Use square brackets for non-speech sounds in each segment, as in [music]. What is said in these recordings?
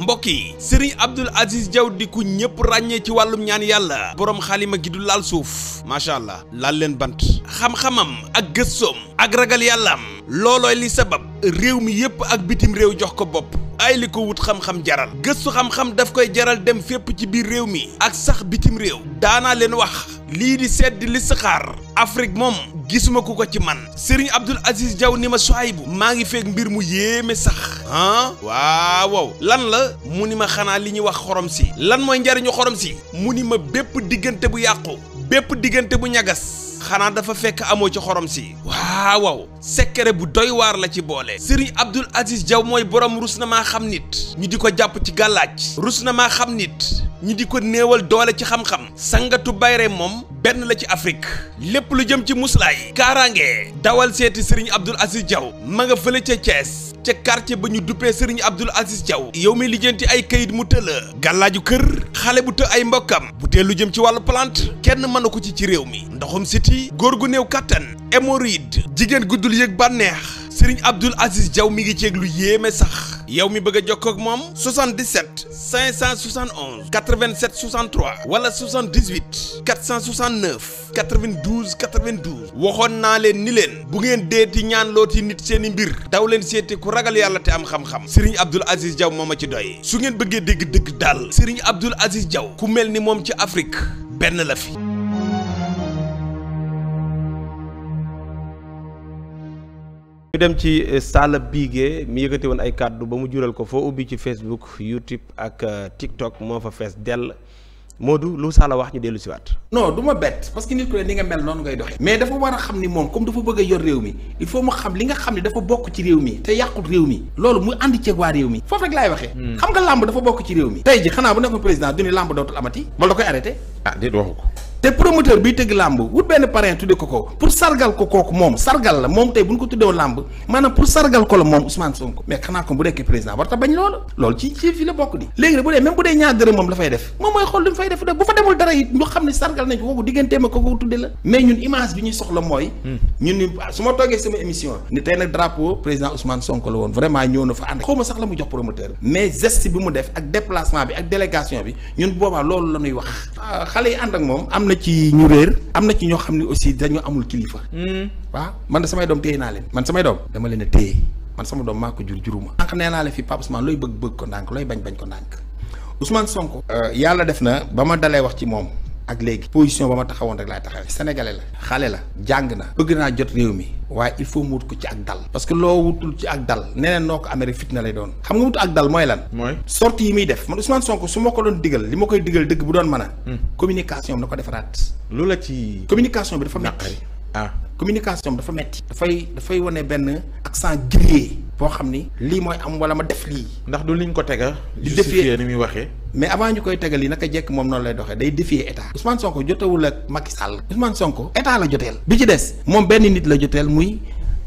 mbokk yi sëriñ abdul aziz jaw di ku ñëpp ràññee ci wàllum ñaan yàlla boroom xaalima gi du laal suuf macha allah laal leen bant xam-xamam ak gëstoom ak ragal yàllaam loolooy li sabab réew mi yépp ak bitim réew jox ko bopp ay li ko wut xam-xam jaral gëstu xam-xam daf koy jaral dem fépp ci biir réew mi ak sax bitim réew daanaa leen wax lii di sedd li saxaar Afrique moom gisuma ku ko ci man Serigne Abdoul Aziz Diaw ni ma bu maa ngi feeg mbir mu yéeme sax ah waaw lan la mu ni ma xanaa li ñuy wax xorom si lan mooy njariñu xorom si mu ni ma bépp diggante bu yàqu bépp diggante bu ñagas xanaa dafa fekk amoo ci xorom si waaw secret bu doy waar la ci boole Serigne Abdoul Aziz Diaw mooy borom rus na maa xam nit ñu di ko jàpp ci gàllaaj rus na maa xam nit ñu di ko néewal doole ci xam-xam sangatu bayre moom benn la ci Afrique lépp lu jëm ci muslaay kaaraange dawal seeti Serigne Abdoul Aziz Diaw ma nga fële ca ca quartier ba ñu duppee sëriñ Abdul Aziz Diaw yow mi lijjanti ay kayit mu tëla gàllaaju kër xale bu të ay mbokkam bu lu jëm ci wàllu plante kenn mënu ko ci ci réew mi ndoxum siti góor gu néew kattan hémorroïde jigéen guddul yëg bànneex Serigne Abdoul Aziz Diaw mi ngi ceeg lu yéeme sax yow mi bëgg a jokkoo ak moom 77 571 87 63 wala 78 469 92 92 waxoon naa leen ni leen bu ngeen deeti ñaan looti nit seeni mbir daw leen seeti ku ragal yàlla te am xam-xam Serigne Abdoul Aziz jaw moom a ci doy su ngeen bëggee dégg dëgg daal Serigne Abdoul Aziz Diaw ku mel ni moom ci Afrique benn la fi. ñu dem ci euh, Sala Bigué mi yëkkati woon ay kàddu ba mu jural ko foo ubbi ci Facebook YouTube ak euh, TikTok moo fa fees dell Modou lu Sala wax ñu dellu si waat. no du ma bett parce que nit ku ne ni nga mel noonu ngay doxee. mais dafa war a xam ni moom comme dafa bëgg a yor réew mi il faut mu xam li nga xam ni dafa bokk ci réew mi te yàqul réew mi loolu mu ànd ceeg waa réew mi foofu rek laay waxee. Hmm. xam nga làmb dafa bokk ci réew mi. tey ji xanaa bu nekkoon président du ne làmb dootul te promoteur biy tëgg làmb wut benn parrain tudde ko ko pour sargal ko kooku moom sargal la moom tey bu ñu ko tuddee làmb maanaam pour sargal ko ko bu nekkee président war bu dee ko kooku la mais ñun image bi ñuy soxla mooy hmm. ñun ni su ma toogee sama émission ni tey nag drapeau président Ousmane Sonko la woon vraiment ñëw na fa ànd xaw ma sax la mu jox promoteur mais geste bi mu def ak déplacement bi ak délégation bi ñun boobaa loolu la ñuy wax xale yi ànd ci ñu réer am na ci ñoo xam ne aussi dañu amul kilifa. Hmm. waaw man de samay doom téye naa leen man samay doom dama leen a téye man sama doom maa ko jur juruma. sànq nee naa la fi Pape Ousmane looy bëgg bëgg ko ndànk looy bañ bañ ko ndànk Ousmane sonk euh, yàlla def na ba ma dalee wax ci moom ak léegi position ba ma taxawoon rek laay taxawee sénégalais la xale la jàng na bëgg naa jot réew mi waaye il faut mu wut ko ci ak dal parce que loo wutul ci ak dal neneen noo ko amee rek fitna lay doon xam nga wutu ak dal mooy lan mooy sortie yi muy def man Ousmane Sonko su ma ko doon digal li ma koy digal dëgg bu doon mën a hmm. communication bi na ko defaraat lu la ci communication bi dafa metti ah communication dafa metti dafay dafay wone benn accent grillé boo xam ni lii mooy am wala ma def lii ndax du liñ ko tega justifié ni muy waxee mais avant ñu koy tegal yi naka jekk moom noonu lay doxee day défier état Ousmane Sonko jotewul ak Macky Sall Ousmane Sonko état la joteel bi ci des moom benn nit la joteel muy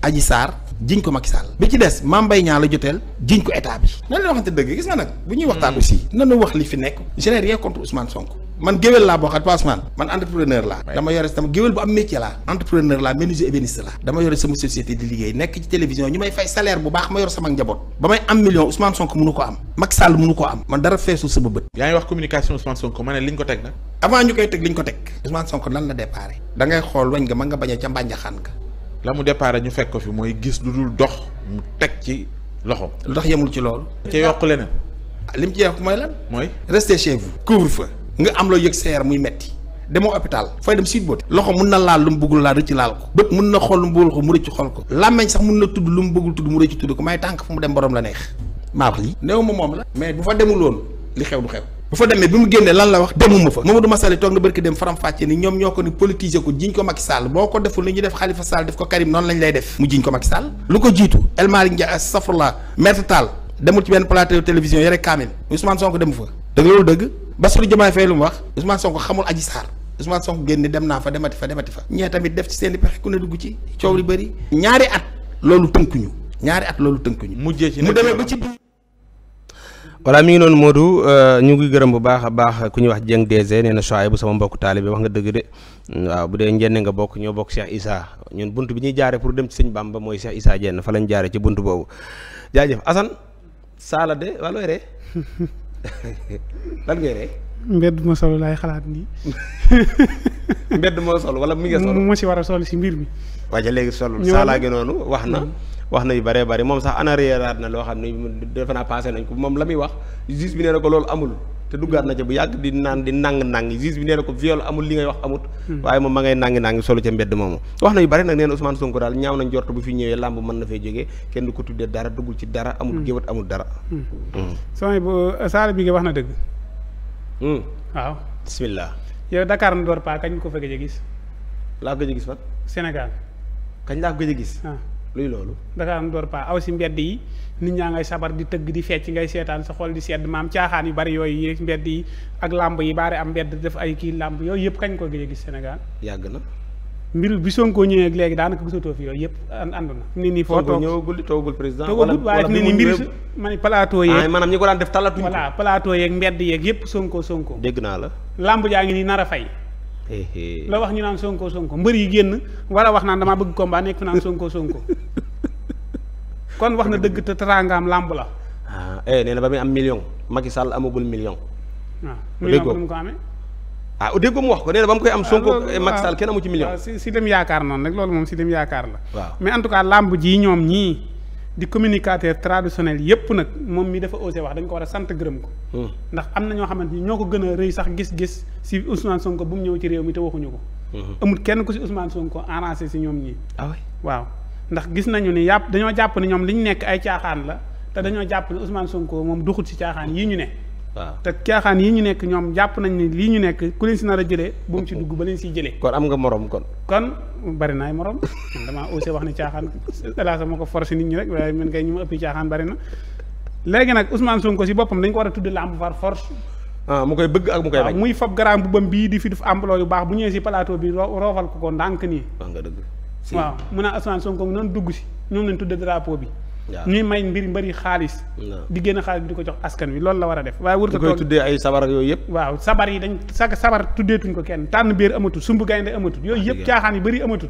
Adji Sarr jiñ ko Macky Sall bi ci des Mame bay Niang la joteel jiñ ko état bi. nan la waxante dëgg gis nga nag. bu ñuy waxtaan hmm. aussi. nanu wax li fi nekk je n'ai rien contre Ousmane Sonko. man géwel laa bokkat Passemal man entrepreneur laa dama yore sama géwél bu am métier laa entrepreneur laa menuisier ébéniste laa dama yore sama société di liggéey nekk ci télévision ñu may fay salaire bu baax ma yor sama njaboot ba may am million Ousmane Sonko mënu ko am Macky Sall mënu ko am man dara feesul sama bët yaa ngi wax communication Ousmane Sonko ma ne liñ ko teg nag avant ñu koy teg liñ ko teg Ousmane Sonko lan la déparé da xool wañ nga ma a ca mbànjaxaan nga la mu ko fi mooy gis lu dul dox mu teg ci loxo lu tax yemul ci loolu ci yokk leneen lim ci yokk mooy lan mooy restez chez vous couvre-feu nga am loo yëg sa yaram muy metti demoo hôpital fooy dem sud boote loxo mun na laal lu mu bëggul laal rëcc laal ko bët mun na xool lu mu ko mu rëcc xool ko làmmeñ sax mun na tudd lu mu bëggul tudd mu rëcc tudd ko may tànk fu mu dem borom la neex maa wax lii néew ma moom la mais bu fa demul woon li xew du xew bu fa demee bi mu génnee lan la wax demuma fa Mamadou Massaly toog na barki dem faram-fàccee ni ñoom ñoo ko ni politiser ko jiñ ko Macky Sall ba Bassirou Diomaye Faye lu mu wax Ousmane Sonko xamul Adji Sarr Ousmane Sonko génn dem naa fa demati fa demati fa ñee tamit def ci seeni i pexe ku ne dugg ci coow li bëri ñaari at loolu tënkuñu ñaari at loolu tënkuñu mujjee ci mu demee ba ci voilà mi ngi noonu Modou euh, ñu ngi gërëm bu baax a baax ku ñuy wax Dieng DG nee na Chouaïbou sama mbokk taalibe wax nga dëgg de waaw bu dee njenne nga bokk ñoo bokk Cheikh Issa ñun bunt bi ñuy jaare pour dem ci baam ba mooy Cheikh Issa Dieng fa lañ jaare ci bunt boobu jaajëf Assane Sala de wala [laughs] lan ngay ree mbedd ma sol laay xalaat nii. [laughs] mbedd moo sol wala mi nga sol mu si war a sol si mbir mi. waa ja léegi sol saalaa gi noonu wax na. Mm. wax na yu bëree bëri moom sax ana réeraat na loo xam ne defe naa passé nañ ko moom la muy wax juste bi nee na ko loolu amul. te duggaat na ca bu yàgg di naan di nàng-nàng juge bi nee na ko viol amul li ngay wax amut hmm. waaye moom ma ngay nangi-nangi solo ca mbedd moomu wax na yu bari nag nee na Ousmane Sonko daal ñaaw nañ jort bu fi ñëwee làmb mën na fee jógee kenn du ko tuddee dara duggul ci dara amul hmm. géwat amul dara hmm. sooy bu uh, saala bi nga wax na dëgg waaw bismillah yow Dakar na door paa kañ ko fa gëj a gis laa ko gëj a gis fan Sénégal kañ laa ko gëj a gis ah. luy loolu daka am door pa aw si mbedd yi nit ñaa ngay sabar di tëgg di fecc ngay seetaan sa xol di sedd maam caaxaan yu bari yooyu yi mbedd yi ak làmb yi baare am def ay kii làmb yooyu yëpp kañ ko gëj a gis yàgg na mbir bi Sonko ñëwee ak léegi daanaka gisatoo fi yooyu yëpp ànd na fi ne nii foo toog ñëwagul toogul président toogul waaye fi ne nii mbir ma ne plateau yeeg maanaam ñi ko daan def talatuñ voilà plateau yeeg mbedd yeeg yëpp Sonko Sonko dégg naa la làmb jaa ngi nii nar a fay la wax ñu naan sonko sonko mbër yi génn war a wax naan damaa bëgg combat nekk fi naan sonko sonko [laughs] kon wax na dëgg te teraangaam làmb la. ah eh nee na ba muy am million Macky Sall amagul million. waaw ah, million mu ko amee. ah dégg mu wax ko nee na ba mu koy am ah, Sonko eh, Macky Sall kenn amu ci million. Ah, si si dem yaakaar noonu rek loolu moom si dem yaakaar la. mais en làmb ji ñoom ñii. di communicateur traditionnel yépp nag moom mi dafa osé wax dañ ko war a sant gërëm ko. Hmm. ndax am na ñoo xamante ni ñoo ko gën a rëy sax gis-gis si Ousmane Sonko bu mu ñëw ci réew mi te waxuñu ko. Hmm. amul kenn ku si Ousmane Sonko arrangé si ñoom ñii. Ah waaw ndax gis nañu ni yàpp dañoo jàpp ni ñoom li ñu nekk ay caaxaan la te dañoo jàpp ni Ousmane Sonko moom duxut si caaxaan yii ñu ne. waaw te caaxaan yi ñu nekk ñoom jàpp nañ ni lii ñu nekk ku leen si nar a jëlee bu mu ci dugg ba leen si jëlee kon am nga moroom kon kon bari naay morom man [laughs] damaa osé wax ne caaxaan laa sama ko forcé nit ñi rek waaye man kay ñu ma ëppi caaxaan bari na léegi nag Ousmane Sonko si boppam dañ war a tudd làmb par force ah mu koy bëgg ak mu koy bañ muy fab garaam bu bam bii di fi def amploo yu baax bu ñëwee si plateau bi roofal ko ko ndànk nii wax nga dëgg waaw mun a Ousmane Sonko noonu dugg si ñoom lañ tudd drapeau bi ñuy may mbir mbëri xaalis di génn xaalis bi di ko jox askan wi loolu la war a def waaye wër ko koy tuddee ay sabar ak yooyu yëpp waaw sabar yi dañ sa sabar tuddeetuñ ko kenn tànn biir amatul sumb gaynde amatul yooyu yëpp ah, caaxaan yi bëri amatul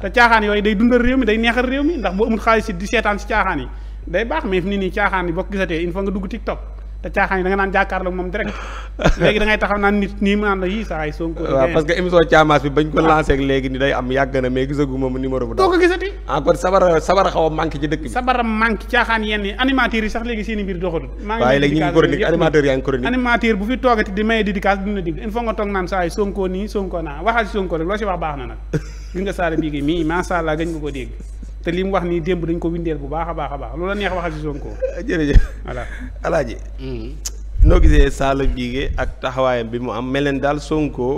te caaxaan yooyu day dundal réew mi day neexal réew mi ndax bu amul xaalis di seetaan si caaxaan yi day baax mais fi ni nii caaxaan yi bokk gisatee il faut nga dugg TikTok te caaxaan yi da nga naan jàkkaarloog moom direct [laughs] léegi da ngay taxaw naan nit nii mu naan la yi parce que émission Thiamas ni day am yàgg na gisagu ma numéro bu doo ko gisati ah kon a manqué ci dëkk bi sabara manqué caaxaan yenn yi animateurs yi sax léegi seen i mbir doxatul maa ngi waaye léegi fi toogati di maye dédicace dina dig Sonko nii Sonko naa waxal si Sonko rek loo si wax baax na nag [laughs] gis nga saala bii gi mii macha allah gañ nga ko dégg te li mu wax nii démb dañ ko windeel bu baax a baax a baax loola neex waxal ci Sonko. [laughs] jërëjëf voilà alaaji mm-hmm. noo gisee saala Guigé ak taxawaayam bi mu am mel leen daal Sonko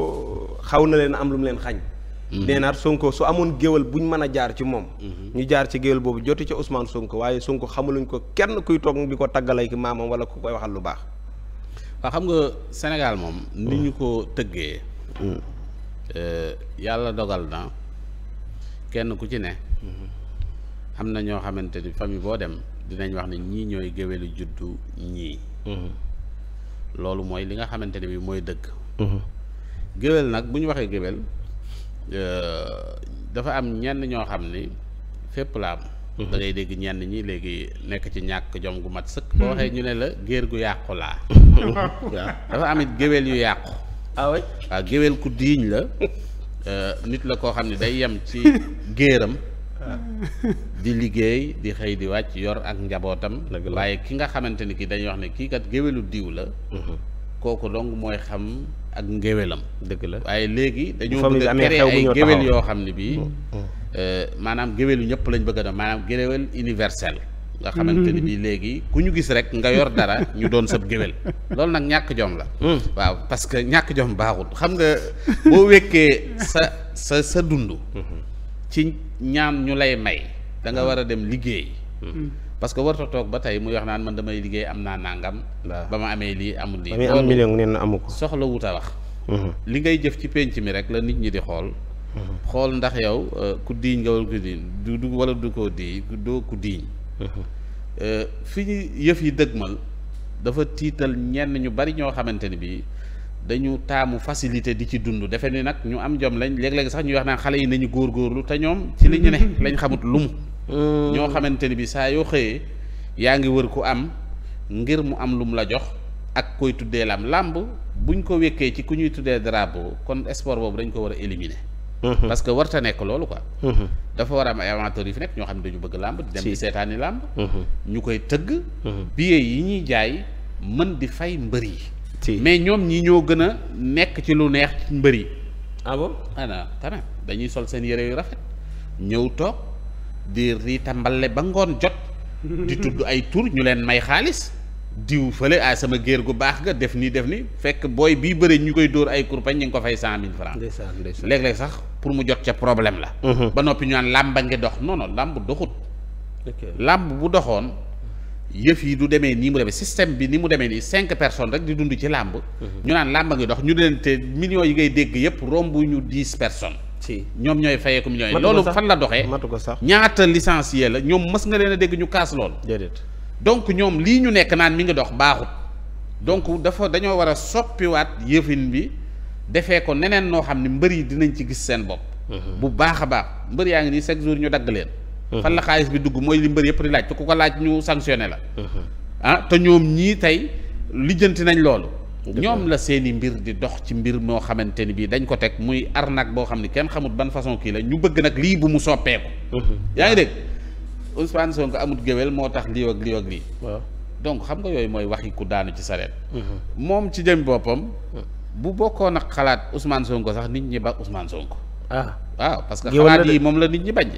xaw na leen am lu mu leen xañ. Mm-hmm. nee Sonko su amoon géwal bu ñu mën a jaar ci moom. Mm-hmm. ñu jaar ci géwal boobu jotu ci Ousmane Sonko waaye Sonko xamaluñ ko kenn kuy toog di ko tàggalay ki maamam wala ku koy waxal lu baax. waaw xam nga Sénégal moom. ni ñu mm. ko tëggee. Mm. Euh, yàlla dogal na ku ci am na ñoo xamante ni famille boo dem dinañ wax ne ñii ñooy géwélu juddu ñii. Mm-hmm. loolu mooy li nga xamante ne bi mooy dëgg. Mm-hmm. géwél nag bu ñu waxee géwél euh, dafa am ñenn ñoo xam ni fépp la am. Mm-hmm. da ngay dégg ñenn ñi léegi nekk ci ñàkk jom gu mat sëkk. boo waxee ñu ne la géer gu yàqu laa. [laughs] dafa am it géwél yu yàqu. ah waaw géwél ku diiñ la euh, nit la koo xam ne day yem ci géeram. di liggéey di xëy di wàcc yor ak njabootam waaye ki nga xamante ni ki dañuy wax ne kii kat géwélu diw la mhm. kooku dong mooy xam ak ngéwélam dëgg la waaye léegi dañoo bëgg a créer ay géwél yoo xam ne bii mhm. euh, maanaam géwélu ñëpp lañ bëgg a doon maanaam géwél universel nga mhm. xamante bii léegi ku ñu gis rek nga yor dara ñu doon sab géwél loolu nag ñàkk jom la waaw parce ñàkk jom baaxul xam nga boo wekkee sa sa sa dund ci ñaan ñu lay may da nga hmm. war a dem liggéey hmm. Hmm. parce que warta toog ba tey muy wax naan man damay liggéey am naa nàngam ba ma amee lii amul lii am million nee na amu ko soxla wut wax li ngay jëf ci pénc mi rek la nit ñi di xool xool ndax yow euh, ku diiñ nga wala ku diiñ du du wala du ko diiñ doo ku diiñ euh, fi ñu yëf yi dëgmal dafa tiital ñenn ñu bari ñoo xamante ni bii dañu taamu facilité di ci dund defe ni nag ñu am jom lañ léeg-léeg sax ñuy wax naan xale yi nañu góorgóorlu te ñoom ci li ñu ne [laughs] lañ xamut lu mu mm. ñoo xamante ni bi saa yoo xëyee yaa ngi wër ku am ngir mu am lu mu la jox ak koy tuddee lam làmb buñ ko wekkee ci ku ñuy tuddee drapeau kon sport boobu dañ ko war a éliminer mm-hmm. parce que warta nekk loolu ko mm-hmm. dafa war a am ay amateurs yi fi nekk ñoo xam ne dañu bëgg làmb di dem di seetaani làmb mm-hmm. ñu koy tëgg billets yi ñuy jaay mën di fay mbër yi mais ñoom ñi ñoo gën a nekk ci lu neex ci mbër yi. ah bon dañuy sol seen yére yu rafet ñëw toog di riita mbale ba ngoon jot. di tudd ay tur ñu leen may xaalis. diw fële ah sama géer gu baax nga def nii def ni fekk booy bii bëri ñu koy dóor ay kurpañ ñu ngi ko fay cent mille francs léeg-léeg sax pour mu jot ca problème la. Mhm. ba noppi ñu naan làmba ngi dox non làmb doxut. làmb bu doxoon. yëf yi du deme nii mu demee système bi ni mu demee nii cinq personnes rek di dund ci làmb mhm. ñu naan làmb ngi dox ñu leen te millions yi ngay dégg yëpp romb ñu dix personnes ci ñoom ñooy fayeeku millions yi loolu fan la doxee matu ko sax ñaata licencié la ñoom mës nga leen a dégg ñu kaas loolu déedéet donc ñoom lii ñu nekk naan mi ngi dox baaxut donc dafa dañoo war a soppiwaat yëfin bi defee ko neneen noo xam ne mbër yi dinañ ci gis seen bopp mhm. bu baax a baax mbër yaa ngi nii chaque jour ñu dagg leen Uh-huh. fan la xaalis bi dugg mooy li mbër yëpp di laaj te ku ko laaj ñu sanctionné la uh-huh. ah te ñoom ñii tey lijjanti nañ loolu ñoom la seeni mbir di dox ci mbir moo xamante ni bii dañ ko teg muy arnaque boo xam ne kenn xamut ban façon kii la ñu bëgg nag lii bu mu soppeeku uh-huh. yaa ngi dégg Ousmane Sonko amut géwél moo tax lii ak lii ak lii donc xam nga yooyu mooy waxi ku daanu ci sareet moom ci jëm boppam bu bokkoon ak xalaat Ousmane Sonko sax nit ñi ba Ousmane sonk ah waaw parce que xalaat moom la nit ñi bañ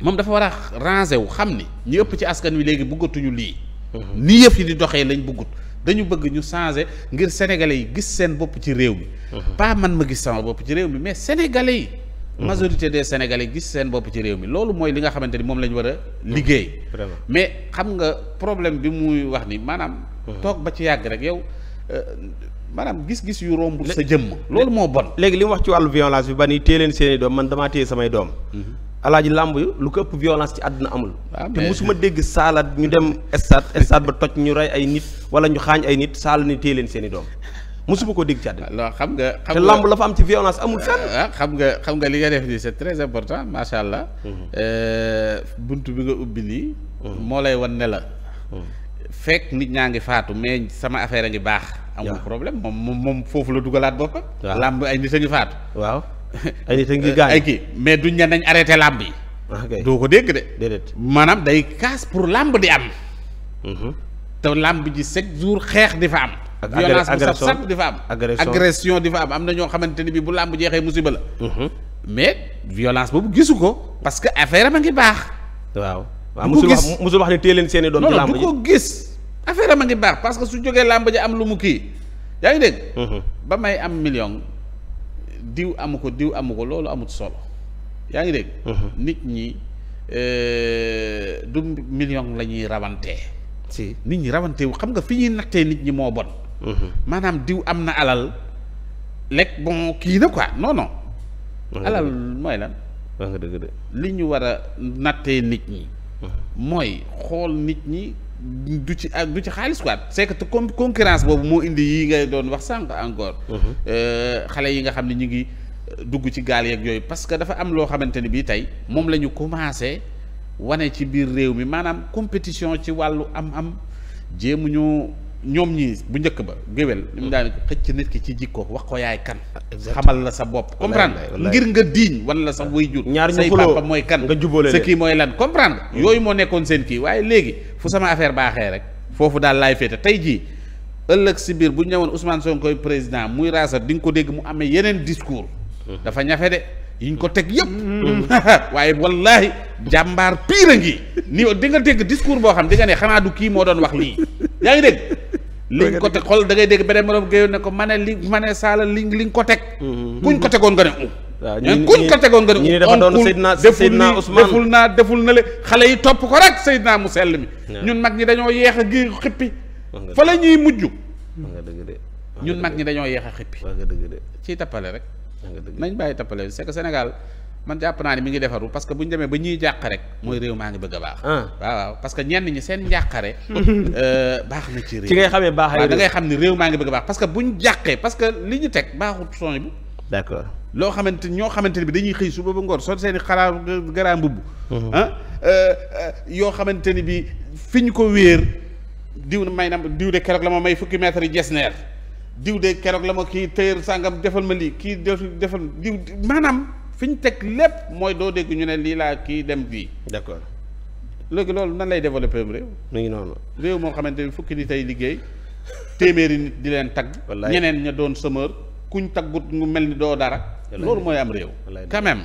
moom dafa war a ranger wu xam ni ñu ëpp ci askan wi léegi buggatuñu lii. Mhm. nii yëf yi di doxee lañ bëggut dañu bëgg ñu changer ngir sénégalais yi gis seen bopp ci réew mi. Mhm. pas man ma gis sama bopp ci réew mais sénégalais yi. Mhm. majorité des sénégalais gis seen bopp ci réew mi loolu mooy li nga xamante ni moom lañu war a liggéey. mais xam nga problème bi muy wax ni maanaam. toog ba ci yàgg rek yow. Euh, maanaam gis-gis yu romb sa jëmm. loolu moo bon léegi li mu wax ci wàllu violence bi ba ni téye leen seen doom man damaa téye samay doom. alaaj làmb lu ko ëpp violence ci àdduna amul ah, te mosuma dégg saala ñu dem stade stade ba toj ñu rey ay nit wala ñu xaañ ay nit saala ni téye leen seen i doom mosuma ko dégg ci àdduna loo xam nga xam te làmb am ci violence amul fenn ah, ah, xam nga xam nga li nga def nii c'est très important macha allah mhm. euh, bunt bi nga ubbi nii mhm. moo lay wan ne la mhm. fekk nit ñaa ngi faatu mais sama affaire a ngi baax amul problème moom moom moom foofu la dugalaat boppam làmb ay nit a ngi faatu waaw ay a ngi kii mais duñ ne nañ arrêté làmb yi. Ah, doo ko dégg de. maanaam day kaas pour làmb di am. Mhm. te làmb ji chaque jour xeex di fa am. ak violence bu saf saf di fa am. agression di fa am am na ñoo xamante ni bi bu làmb jeexee musiba la. Mhm. mais violence boobu gisu ko parce que affaire ma ngi baax. waaw waaw musul wax musul wax ne téye leen seen i doom. ci làmb ji du ko gis affaire ma ngi baax parce que su jógee làmb ji am lu mu kii yaa ngi dégg. Mhm. ba may am million. diw amu ko diw amu ko loolu amut solo yaa ngi dégg. Mhm. nit ñi euh, du million la ñuy rawantee. si nit ñi rawante wu xam nga fi ñuy nattee nit ñi moo bon. Mhm. maanaam diw am na alal lekk bon kii na quoi non non. alal mooy lan. li ñu war a nattee nit ñi. Mhm. mooy xool nit ñi. du ci ak du ci xaalis quoi c'est que concurrence boobu moo indi yi ngay doon wax sànq encore. Mhm. Euh, xale yi nga xam ne ñu ngi euh, dugg ci gaal yeeg yooyu parce que dafa am loo xamante ni bii tey moom la ñu commencé wane ci biir réew mi maanaam compétition ci wàllu am-am jéemuñu. ñoom ñii bu njëkk ba géwél li mu mm. daan xëcc nit ki ci jikko wax ko yaay kan xamal la sa bopp comprendre ngir nga diiñ wan la sax way jur ñaar say papa mooy kan nga jubóole sa kii mooy lan comprendre mm. yooyu moo nekkoon seen kii waaye léegi fu sama affaire baaxee rek foofu daal laay féete tey jii ëllëg si biir bu ñu ñëwoon Ousmane Sonko président muy raasal di nga ko dégg mu amee yeneen discours mm. dafa ñafe de yiñ ko teg yëpp [laughs] waaye wallaahi jàmbaar pire a ngi ni di nga dégg discours boo xam di nga ne xanaa du kii moo doon wax lii [laughs] yaa ngi dégg. liñ ko teg xool da ngay dégg beneen morom géeyoon ne ko ma ne li ma ne saala li liñ ko teg. Mm-hmm, mm-hmm. kuñ ko tegoon nga ne um. waaw kuñ ko tegoon nga ne um. ñii oh, dafa doon Seydina Seydina Ousmane deful naa deful na le xale yi topp ko rek Seydina mu sell mi. ñun mag ñi dañoo yeex a gi xippi. fa la ñuy mujj. ñun mag ñi dañoo yeex a xippi. ci tappale rek. nañ bàyyi tappale c'est que man jàpp naa ne mi ngi defaru parce que bu ñu demee ba ñuy jàq rek mooy réew maa ngi bëgg a baax ah. waaw waaw parce que ñenn ñi seen njàqare [laughs] euh, baax na ci réew ci ngay xamee baax da ngay xam ne réew maa ngi bëgg a baax parce que bu ñu jàqee parce li ñu teg baaxut son bu d'accord loo xamante ñoo xamante ne bi dañuy xëy suba ba ngoor soo seen i xalaat garaa mbubb mhm. ah, euh, euh, yoo xamante ni bi fi ñu ko wéer diw na may na diw de keroog la moo may fukki mètre yi jes neer diw de keroog la moo kii téyër sàngam defal ma lii kii defal diw maanaam fi ñu teg lépp mooy doo dégg ñu ne lii laa kii dem bii. d'accord léegi loolu nan lay développer réew. mu ngi noonu réew moo xamante ni fukki nit tey liggéey téeméeri nit di leen tagg. ñeneen ña doon sëmër kuñ taggut mu mel ni doo dara. loolu mooy am réew. quand même.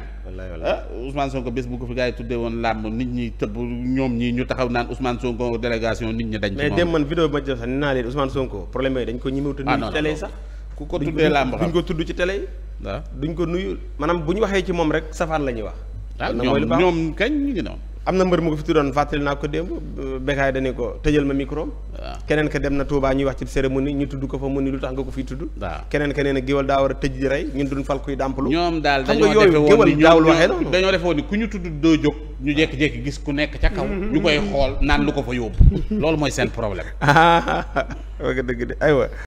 Ah, Ousmane Sonko bés bu fi gars yi tuddee woon làmb nit ñi tëbb ñoom ñi ñu taxaw naan Ousmane Sonko délégation nit ñi dañ. ci moom mais dem man vidéo bi ma jox sax nee naa leen Ousmane Sonko problème yooyu dañ ko ñemewut. ah non non ci télé sax ku tudd ci télé waaw duñ ko nuyu maanaam bu ñu waxee ci moom rek safaan la ñuy wax. waaw ah, ñoom ñoom kañ ñu ngi noonu. am na mbër mu ko fi tuddoon fàttali naa ko démb Bécaye dañu ko tëjal ma micro waaw ah. keneen ka dem na Touba ñuy wax ci cérémonie ñu tudd ko fa mu ni lu tax nga ko fiy tudd waaw ah. keneen ka nee na daa war a tëj di rey ñun duñ fal kuy dàmpalu ñoom daal dañoo defe woon ni dañoo defe woon ku ñu tudd doo jóg ñu jékki-jékki gis ku nekk ca kaw mm-hmm. ñu koy xool naan lu ko fa yóbbu [laughs] loolu mooy seen problème ah [laughs] wax dëgg de